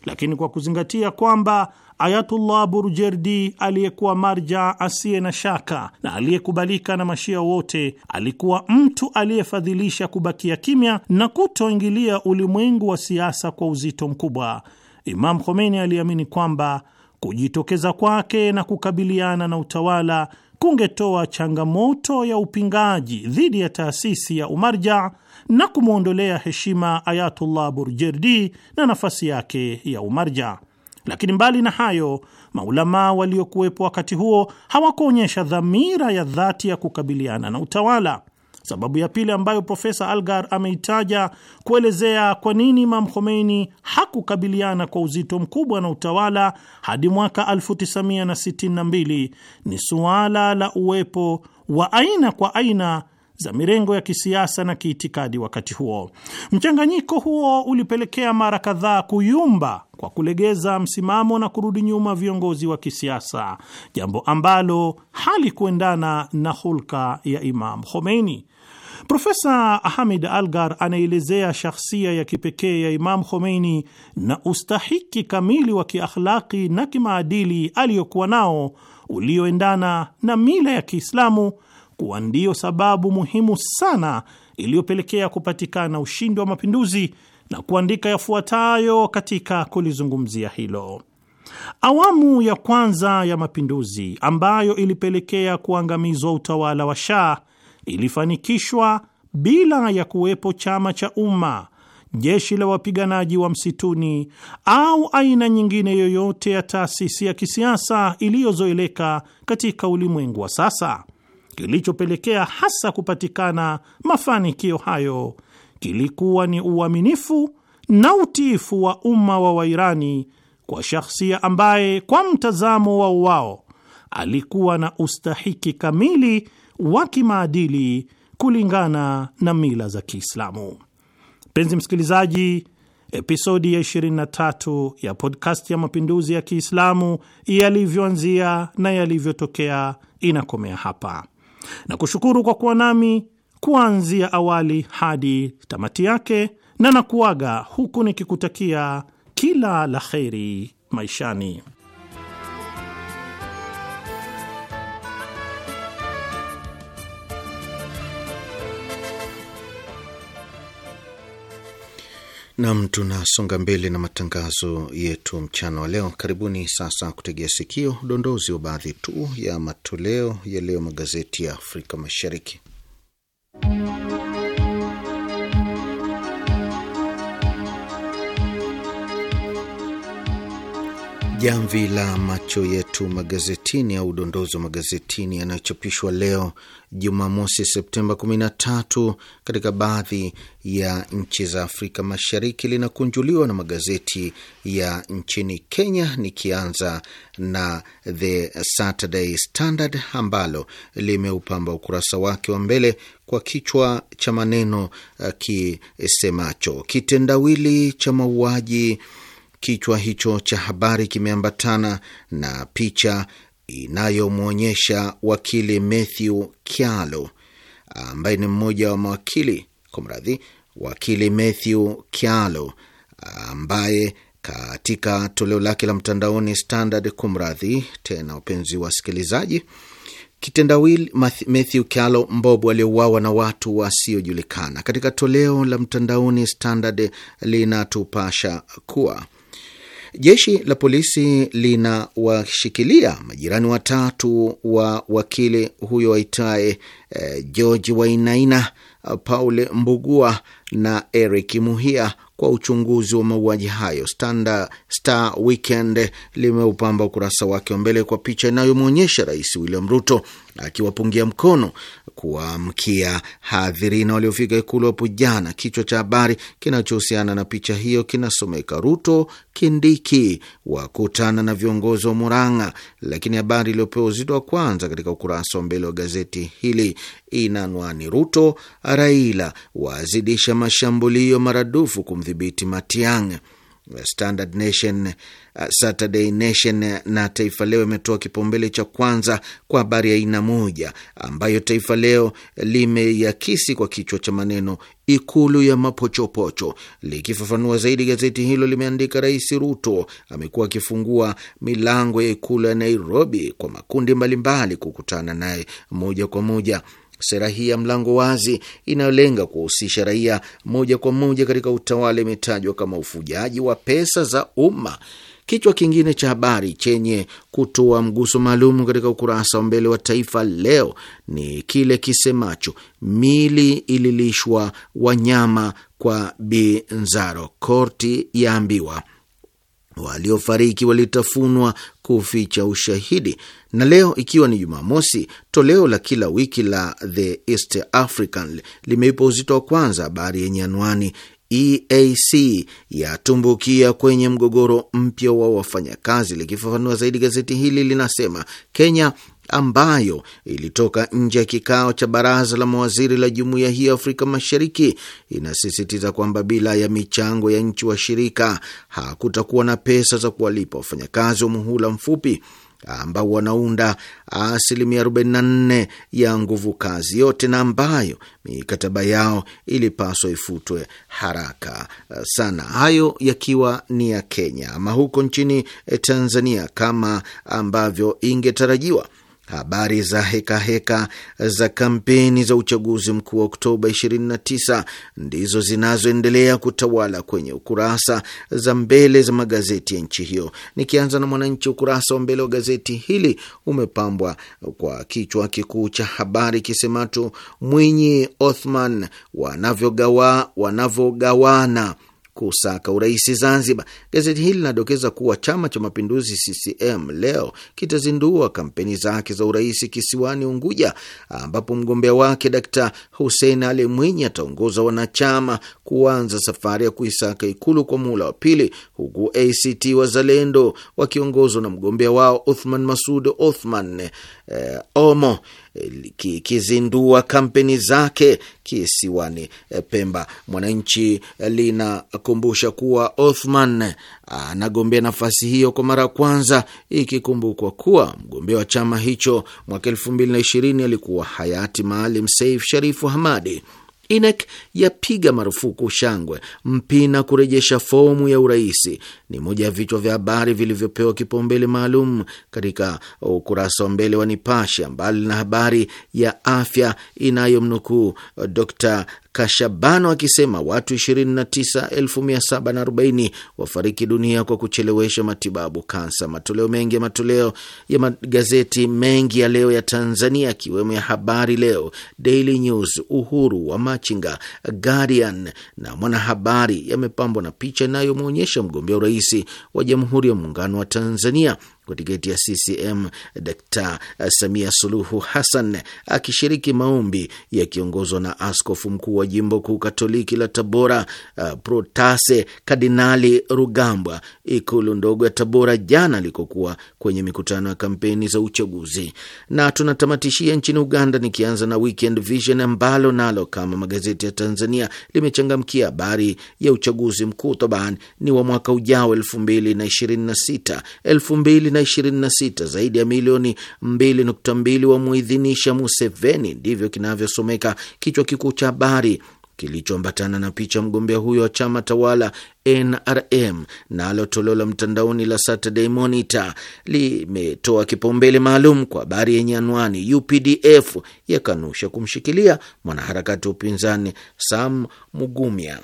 lakini kwa kuzingatia kwamba Ayatullah Burjerdi aliyekuwa marja asiye na shaka na aliyekubalika na mashia wote alikuwa mtu aliyefadhilisha kubakia kimya na kutoingilia ulimwengu wa siasa kwa uzito mkubwa. Imam Khomeini aliamini kwamba kujitokeza kwake na kukabiliana na utawala kungetoa changamoto ya upingaji dhidi ya taasisi ya Umarja na kumwondolea heshima Ayatullah Burjerdi na nafasi yake ya Umarja. Lakini mbali na hayo, maulamaa waliokuwepo wakati huo hawakuonyesha dhamira ya dhati ya kukabiliana na utawala. Sababu ya pili ambayo Profesa Algar ameitaja kuelezea kwa nini Imam Khomeini hakukabiliana kwa uzito mkubwa na utawala hadi mwaka 1962 ni suala la uwepo wa aina kwa aina za mirengo ya kisiasa na kiitikadi wakati huo. Mchanganyiko huo ulipelekea mara kadhaa kuyumba kwa kulegeza msimamo na kurudi nyuma viongozi wa kisiasa, jambo ambalo halikuendana na hulka ya Imam Khomeini. Profesa Hamid Algar anaelezea shahsia ya kipekee ya Imam Khomeini na ustahiki kamili wa kiakhlaki na kimaadili aliyokuwa nao ulioendana na mila ya Kiislamu kuwa ndiyo sababu muhimu sana iliyopelekea kupatikana ushindi wa mapinduzi na kuandika yafuatayo katika kulizungumzia hilo. Awamu ya kwanza ya mapinduzi ambayo ilipelekea kuangamizwa utawala wa Shah ilifanikishwa bila ya kuwepo chama cha umma, jeshi la wapiganaji wa msituni au aina nyingine yoyote ya taasisi ya kisiasa iliyozoeleka katika ulimwengu wa sasa. Kilichopelekea hasa kupatikana mafanikio hayo kilikuwa ni uaminifu na utiifu wa umma wa Wairani kwa shahsia ambaye kwa mtazamo wao wao alikuwa na ustahiki kamili wa kimaadili kulingana na mila za Kiislamu. Mpenzi msikilizaji, episodi ya 23 ya podcast ya mapinduzi ya Kiislamu yalivyoanzia na yalivyotokea inakomea hapa, na kushukuru kwa kuwa nami kuanzia awali hadi tamati yake, na nakuaga huku nikikutakia kila la kheri maishani. Nam, tunasonga mbele na matangazo yetu mchana wa leo. Karibuni sasa kutegea sikio udondozi wa baadhi tu ya matoleo ya leo magazeti ya Afrika Mashariki. Jamvi la macho yetu magazetini au udondozi wa magazetini yanayochapishwa leo Jumamosi Septemba 13 katika baadhi ya nchi za Afrika Mashariki linakunjuliwa na magazeti ya nchini Kenya, nikianza na The Saturday Standard ambalo limeupamba ukurasa wake wa mbele kwa kichwa cha maneno uh, kisemacho kitendawili cha mauaji Kichwa hicho cha habari kimeambatana na picha inayomwonyesha wakili Matthew Kyalo ambaye ni mmoja wa mawakili kwa mradhi, wakili Matthew Kyalo ambaye katika toleo lake la mtandaoni Standard, kumradhi tena upenzi wa wasikilizaji, kitendawili Matthew Kyalo Mbobu aliyeuawa na watu wasiojulikana. Katika toleo la mtandaoni Standard linatupasha kuwa Jeshi la polisi linawashikilia majirani watatu wa wakili huyo aitaye eh, George Wainaina, Paul Mbugua na Eric Muhia kwa uchunguzi wa mauaji hayo. Standard Star Weekend limeupamba ukurasa wake wa mbele kwa picha inayomwonyesha Rais William Ruto akiwapungia mkono kuwaamkia hadhirina waliofika ikulu hapo jana. Kichwa cha habari kinachohusiana na picha hiyo kinasomeka Ruto Kindiki wakutana na viongozi wa Murang'a, lakini habari iliyopewa uzito wa kwanza katika ukurasa wa mbele wa gazeti hili ina anwani Ruto Raila wazidisha mashambulio maradufu kumdhibiti Matiang'i. Standard Nation, uh, Saturday Nation na Taifa Leo imetoa kipaumbele cha kwanza kwa habari ya aina moja ambayo Taifa Leo limeiakisi kwa kichwa cha maneno Ikulu ya mapochopocho. Likifafanua zaidi, gazeti hilo limeandika, Rais Ruto amekuwa akifungua milango ya ikulu ya Nairobi kwa makundi mbalimbali kukutana naye moja kwa moja sera hii ya mlango wazi inayolenga kuhusisha raia moja kwa moja katika utawala imetajwa kama ufujaji wa pesa za umma. Kichwa kingine cha habari chenye kutoa mguso maalum katika ukurasa wa mbele wa Taifa Leo ni kile kisemacho mili ililishwa wanyama kwa Binzaro, korti yaambiwa waliofariki walitafunwa kuficha ushahidi na leo ikiwa ni Jumamosi, toleo la kila wiki la The East African limeipa uzito wa kwanza habari yenye anwani EAC yatumbukia kwenye mgogoro mpya wa wafanyakazi. Likifafanua zaidi, gazeti hili linasema Kenya ambayo ilitoka nje ya kikao cha baraza la mawaziri la jumuiya hiyo Afrika Mashariki inasisitiza kwamba bila ya michango ya nchi washirika hakutakuwa na pesa za kuwalipa wafanyakazi wa muhula mfupi ambao wanaunda asilimia 44 ya nguvu kazi yote na ambayo mikataba yao ilipaswa ifutwe haraka sana. Hayo yakiwa ni ya Kenya. Ama huko nchini Tanzania, kama ambavyo ingetarajiwa Habari za hekaheka heka za kampeni za uchaguzi mkuu wa Oktoba 29 ndizo zinazoendelea kutawala kwenye ukurasa za mbele za magazeti ya nchi hiyo. Nikianza na Mwananchi, ukurasa wa mbele wa gazeti hili umepambwa kwa kichwa kikuu cha habari kisemacho Mwinyi Othman wanavyogawa wanavyogawana kusaka urais Zanzibar. Gazeti hili linadokeza kuwa chama cha mapinduzi CCM leo kitazindua kampeni zake za urais kisiwani Unguja, ambapo mgombea wake Dkt Hussein Ali Mwinyi ataongoza wanachama kuanza safari ya kuisaka Ikulu kwa muhula wa pili, huku ACT Wazalendo wakiongozwa na mgombea wao Uthman Masud Othman eh, Omo kikizindua kampeni zake kisiwani Pemba. Mwananchi linakumbusha kuwa Othman anagombea nafasi hiyo kwa mara ya kwanza, ikikumbukwa kuwa mgombea wa chama hicho mwaka elfu mbili na ishirini alikuwa hayati Maalim Seif Sharifu Hamadi INEC yapiga marufuku shangwe. Mpina kurejesha fomu ya urahisi ni moja ya vichwa vya habari vilivyopewa kipaumbele maalum katika ukurasa wa mbele wa Nipashe, ambalo lina habari ya afya inayomnukuu Dr Kashabano akisema watu 29740 wafariki dunia kwa kuchelewesha matibabu kansa. Matoleo mengi ya matoleo ya magazeti mengi ya leo ya Tanzania akiwemo ya Habari Leo, Daily News, Uhuru wa Machinga, Guardian na Mwanahabari yamepambwa na picha inayomwonyesha mgombea urais wa Jamhuri ya Muungano wa Tanzania kwa tiketi ya CCM Dkt Samia Suluhu Hassan akishiriki maombi yakiongozwa na askofu mkuu wa jimbo kuu katoliki la Tabora uh, Protase Kardinali Rugambwa ikulu ndogo ya Tabora jana alikokuwa kwenye mikutano ya kampeni za uchaguzi. Na tunatamatishia nchini Uganda, nikianza na Weekend Vision ambalo nalo kama magazeti ya Tanzania limechangamkia habari ya uchaguzi mkuu, taban ni wa mwaka ujao elfu mbili na ishirini na sita elfu mbili 2026 zaidi ya milioni 2.2 wamuidhinisha Museveni, ndivyo kinavyosomeka kichwa kikuu cha habari kilichoambatana na picha mgombea huyo wa chama tawala NRM. Nalo toleo la mtandaoni la Saturday Monitor limetoa kipaumbele maalum kwa habari yenye anwani UPDF yakanusha kumshikilia mwanaharakati wa upinzani Sam Mugumya.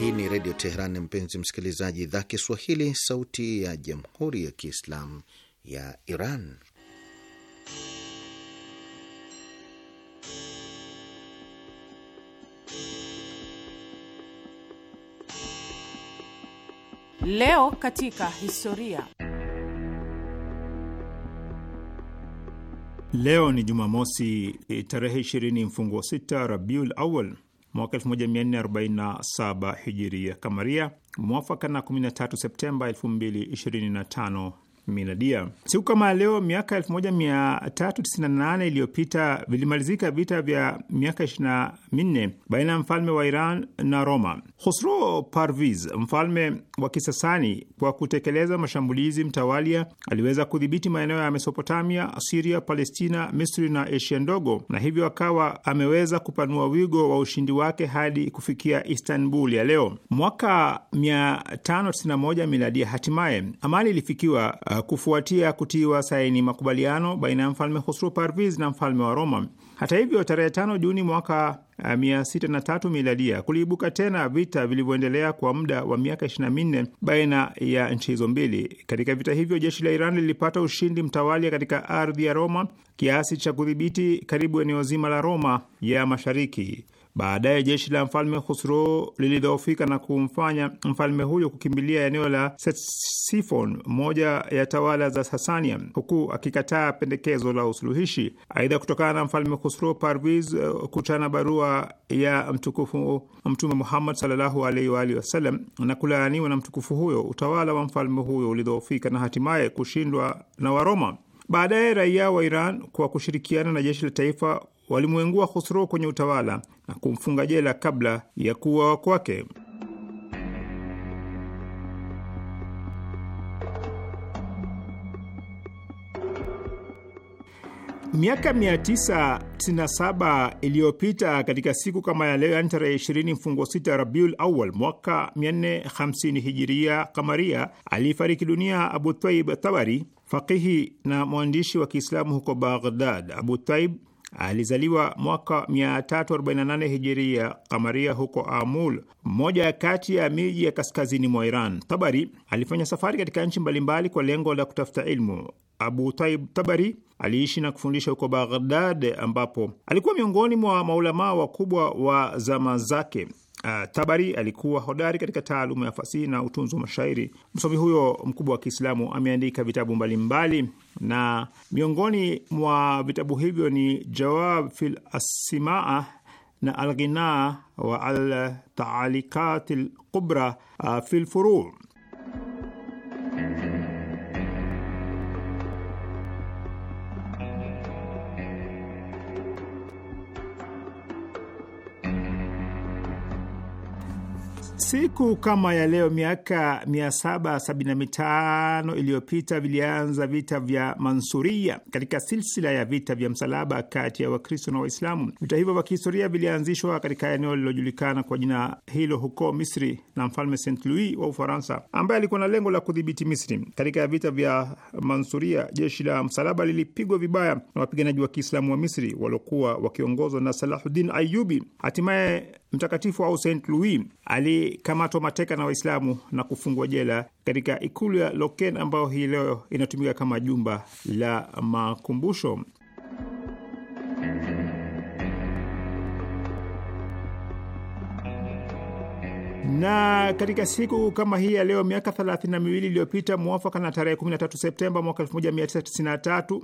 Hii ni Redio Teheran, mpenzi msikilizaji, idhaa Kiswahili, sauti ya jamhuri ya Kiislamu ya Iran. Leo katika historia. Leo ni Jumamosi, tarehe 20 mfungo 6 Rabiul Awal mwaka 1447 hijiria kamaria mwafaka na 13 Septemba 2025 minadia. Siku kama leo miaka 1398 iliyopita vilimalizika vita vya miaka 24 baina ya mfalme wa Iran na Roma. Khosro Parviz, mfalme wa Kisasani, kwa kutekeleza mashambulizi mtawalia, aliweza kudhibiti maeneo ya Mesopotamia, Siria, Palestina, Misri na Asia ndogo, na hivyo akawa ameweza kupanua wigo wa ushindi wake hadi kufikia Istanbul ya leo. Mwaka 591 miladia, hatimaye amali ilifikiwa kufuatia kutiwa saini makubaliano baina ya mfalme Husru Parvis na mfalme wa Roma. Hata hivyo, tarehe tano Juni mwaka eh, tatu miladia kuliibuka tena vita vilivyoendelea kwa muda wa miaka 24 baina ya nchi hizo mbili. Katika vita hivyo jeshi la Iran lilipata ushindi mtawalia katika ardhi ya Roma kiasi cha kudhibiti karibu eneo zima la Roma ya mashariki. Baadaye jeshi la mfalme Khusro lilidhoofika na kumfanya mfalme huyo kukimbilia eneo la Ctesiphon, moja ya tawala za Sasania, huku akikataa pendekezo la usuluhishi. Aidha, kutokana na mfalme Khusro Parviz eh, kutana barua ya mtukufu Mtume Muhammad sallallahu alaihi wa alihi wasallam na kulaaniwa na mtukufu huyo, utawala wa mfalme huyo ulidhoofika na hatimaye kushindwa na Waroma. Baadaye raia wa Iran kwa kushirikiana na jeshi la taifa walimwengua Khosro kwenye utawala na kumfunga jela kabla ya kuuawa kwake. Miaka 997 iliyopita katika siku kama ya leo, yani tarehe 20 mfungo 6 Rabiul Awal mwaka 450 hijiria kamaria, alifariki dunia Abu Taib Tabari, fakihi na mwandishi wa Kiislamu huko Baghdad. Abu Taib Alizaliwa mwaka 348 hijiria kamaria huko Amul, mmoja ya kati ya miji ya kaskazini mwa Iran. Tabari alifanya safari katika nchi mbalimbali kwa lengo la kutafuta ilmu. Abu Taib Tabari aliishi na kufundisha huko Baghdad, ambapo alikuwa miongoni mwa maulamaa wakubwa wa zama zake. Uh, Tabari alikuwa hodari katika taaluma ya fasihi na utunzi wa mashairi. Msomi huyo mkubwa wa Kiislamu ameandika vitabu mbalimbali mbali, na miongoni mwa vitabu hivyo ni Jawab fil Asimaa na Alghina wa Altaalikati Lkubra uh, eh, fi lfuruu Siku kama ya leo miaka 775 iliyopita vilianza vita vya Mansuria katika silsila ya vita vya msalaba kati ya Wakristo na Waislamu. Vita hivyo vya kihistoria vilianzishwa katika eneo lililojulikana kwa jina hilo huko Misri na mfalme St Louis wa Ufaransa, ambaye alikuwa na lengo la kudhibiti Misri. Katika vita vya Mansuria, jeshi la msalaba lilipigwa vibaya na wapiganaji wa Kiislamu wa Misri waliokuwa wakiongozwa na Salahuddin Ayubi. Hatimaye mtakatifu au Saint Louis alikamatwa mateka na Waislamu na kufungwa jela katika ikulu ya Loken ambayo hii leo inatumika kama jumba la makumbusho. na katika siku kama hii ya leo miaka thelathini na miwili iliyopita mwafaka na tarehe 13 Septemba mwaka 1993,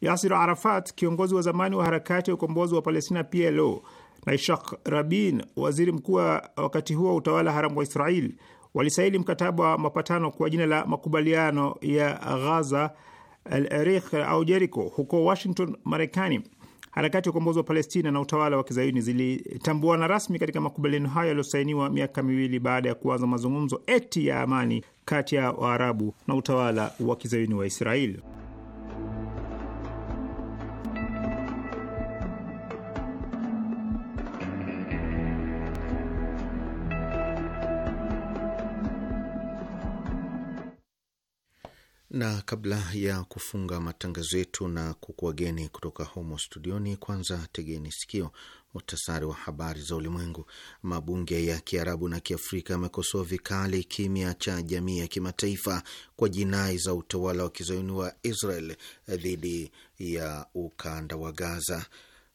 Yasir Arafat, kiongozi wa zamani wa harakati ya ukombozi wa Palestina PLO, na Rabin, waziri mkuu wa wakati huo wa utawala haramu wa Israel, walisaini mkataba wa mapatano kwa jina la makubaliano ya Ghaza al Erikh au Jeriko huko Washington, Marekani. Harakati ya ukombozi wa Palestina na utawala wa kizayuni zilitambuana rasmi katika makubaliano hayo yaliyosainiwa miaka miwili baada ya kuanza mazungumzo eti ya amani kati ya Waarabu na utawala wa kizayuni wa Israeli. na kabla ya kufunga matangazo yetu na kukuwageni kutoka humo studioni, kwanza tegeni sikio muhtasari wa habari za ulimwengu. Mabunge ya Kiarabu na Kiafrika yamekosoa vikali kimya cha jamii ya kimataifa kwa jinai za utawala wa kizayuni wa Israel dhidi ya ukanda wa Gaza.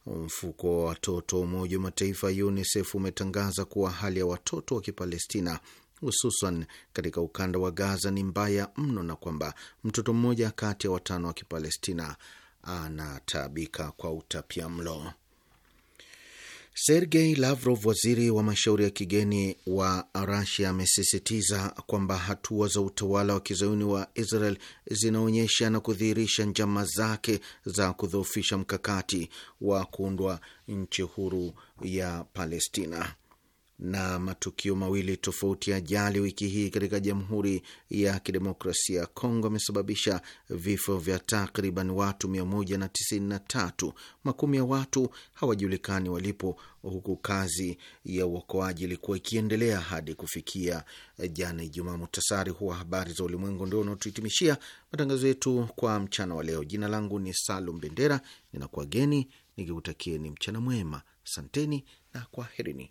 Mfuko wa watoto wa Umoja wa Mataifa UNICEF umetangaza kuwa hali ya watoto wa Kipalestina hususan katika ukanda wa Gaza ni mbaya mno, na kwamba mtoto mmoja kati ya watano wa Kipalestina anataabika kwa utapia mlo. Sergei Lavrov, waziri wa mashauri ya kigeni wa Rasia, amesisitiza kwamba hatua za utawala wa kizayuni wa Israel zinaonyesha na kudhihirisha njama zake za kudhoofisha mkakati wa kuundwa nchi huru ya Palestina na matukio mawili tofauti ya ajali wiki hii katika Jamhuri ya Kidemokrasia ya Kongo amesababisha vifo vya takriban watu 193. Makumi ya watu hawajulikani walipo, huku kazi ya uokoaji ilikuwa ikiendelea hadi kufikia jana Ijumaa. Muhtasari huwa habari za ulimwengu ndio unaotuhitimishia matangazo yetu kwa mchana wa leo. Jina langu ni Salum Bendera, ninakuwageni nikikutakieni mchana mwema. santeni na kwaherini